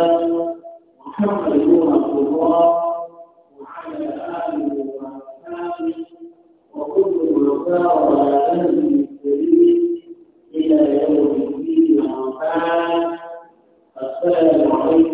الله محمد رسول الله وعلى آله وأصحابه وكل من سار على أهله السبيل إلى يوم الدين وبعد السلام عليكم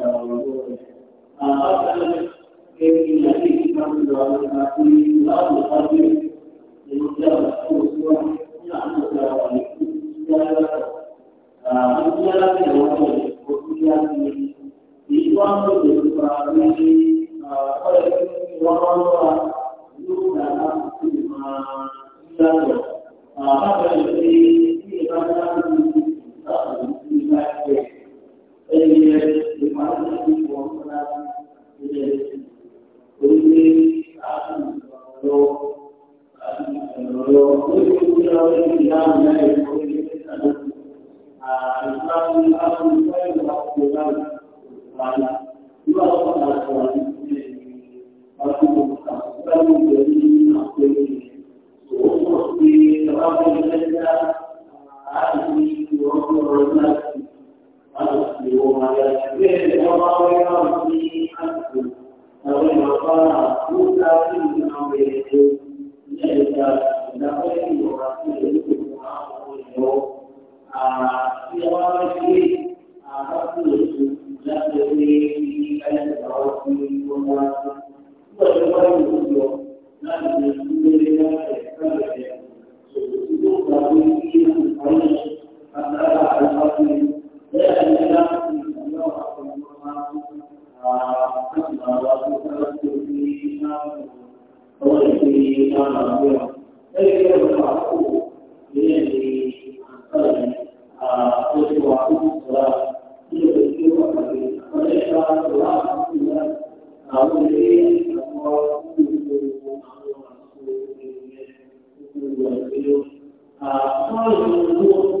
Thank you. وكل شر بلا ما يكون الإسلام أمر Thank you.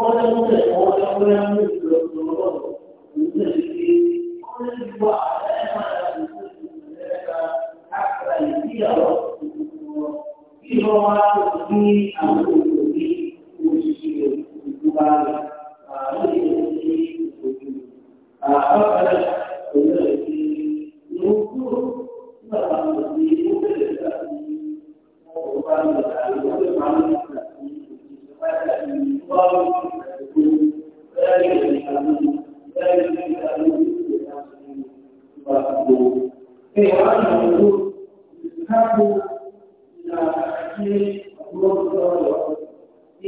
kọ́lẹ́ múlẹ̀ ọ̀ọ́dẹ́ múlẹ̀ múlẹ̀ lọ́dọọdọ́ òwúlẹ̀ ṣe kọ́lẹ́ ti wá ẹ̀ máa ń lò sí ìrẹ́ka àkàrà ìdíyàwó ìrọ̀ wá ní àwọn pé wọ́n lọ lọ.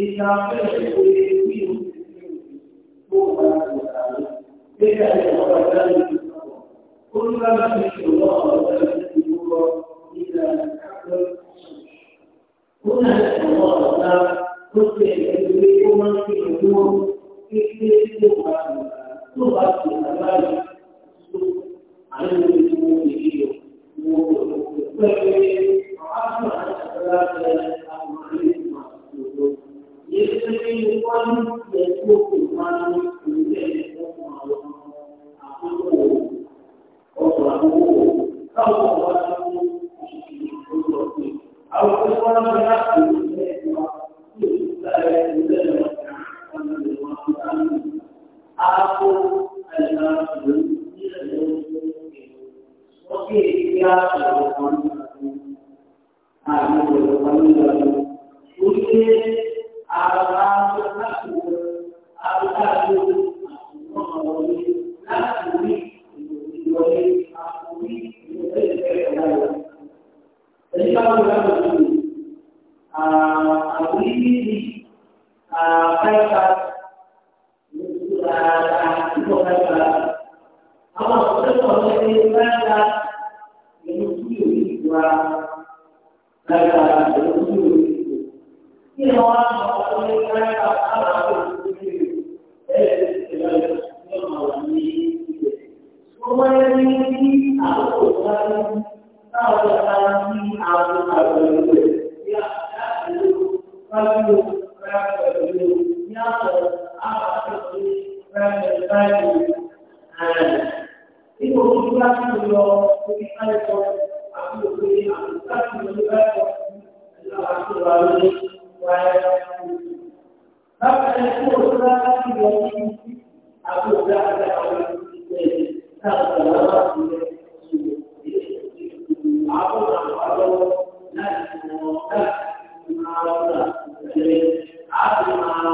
Ìta bẹ̀rẹ̀ pé bí o ti fi tó wà láti àárẹ̀. Bẹ́ẹ̀ ni àwọn ọ̀gá ní ìlú náà. Ó ní láti fi ṣòro àwọn ọ̀gá ní ìlú lọ nígbà ìdájọ́. Ó ní àwọn ọ̀gá tó ṣe ìgbẹ́gbẹ́ tó máa ń fi ìlú kékeré tó wà tó bá ti àgbáyé tó àwọn ìlú ìlú ìlú ìlú pẹ̀lú àwọn àgbà. Thank you. Thank you.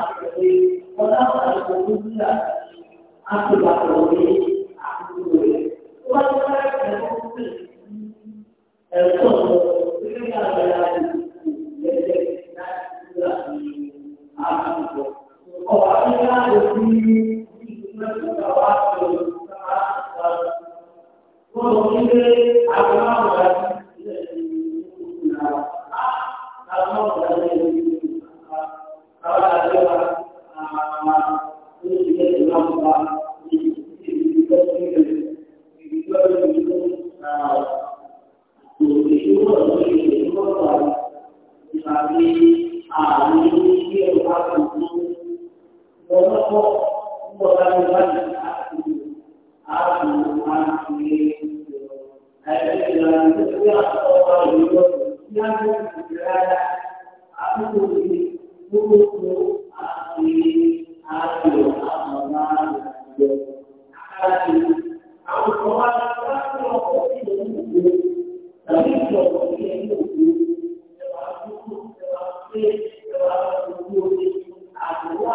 àpèwé ọlọ́pàá ìgbòho nígbà àpèwàpọ̀ wọlé. ní àwọn ilé ìwà tuntun lọ́wọ́ púpọ̀ láti wá ní àtúntò àtúntò àtúntò ẹ̀ẹ́dẹ́gbẹ̀rún tó yà ọ̀pọ̀ ìlú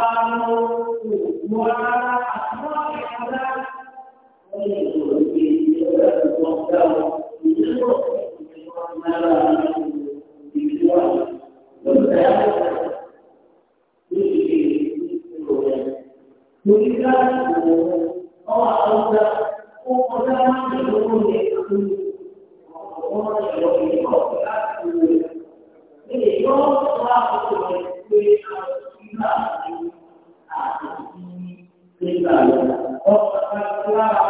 قالوا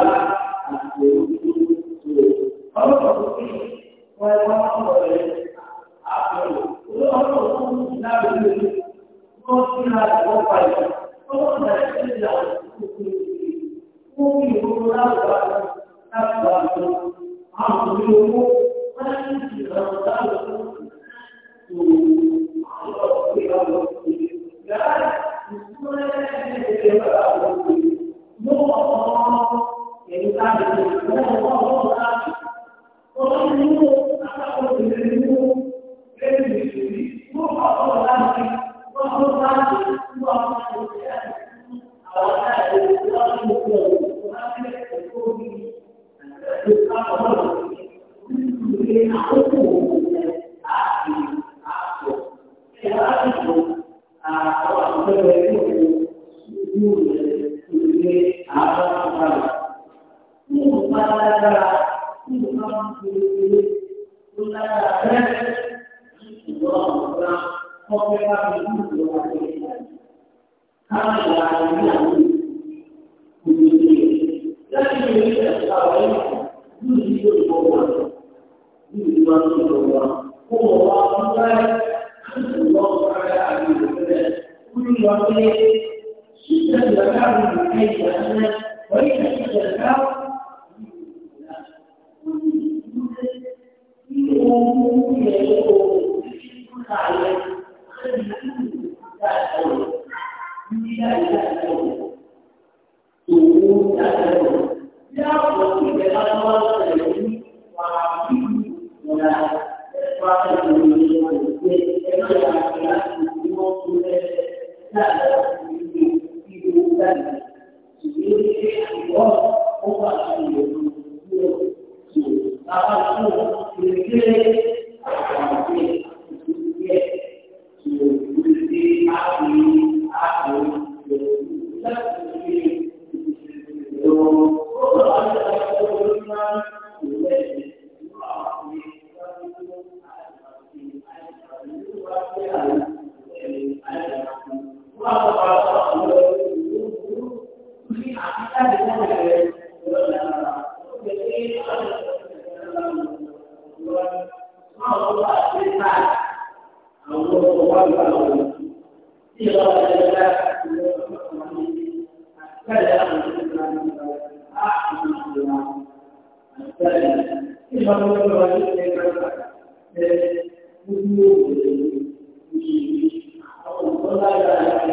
الله 他来人，你去，那你有想到没有？你去就不管，你管就不管。我应该怎么开下去的？为什么呢？现在你开下去呢？为什么呢？为什么？因为我不愿意，我不答应，所以。لا تقول لا تقول Thank you.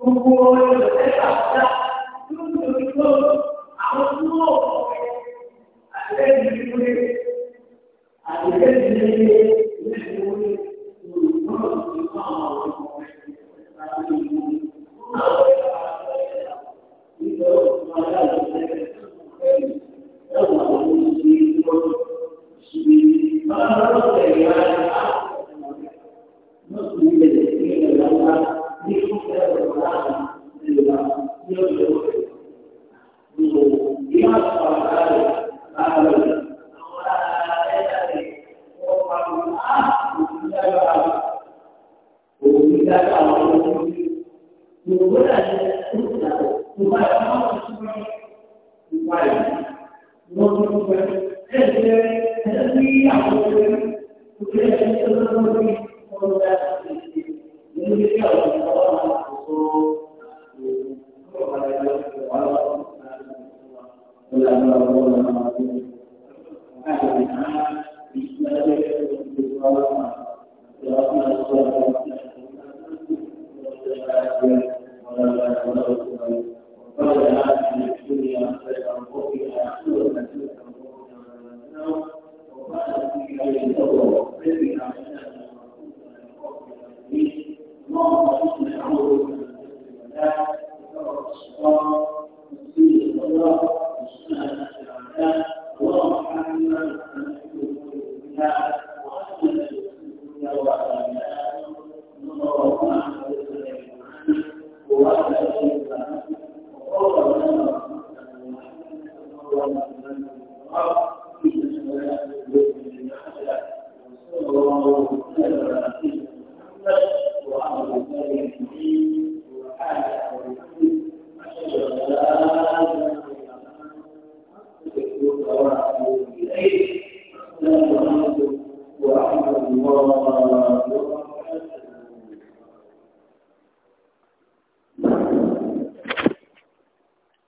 gbogbo ọ̀rọ̀ ẹ̀ka ọ̀dà tó ń lò ní not Gracias.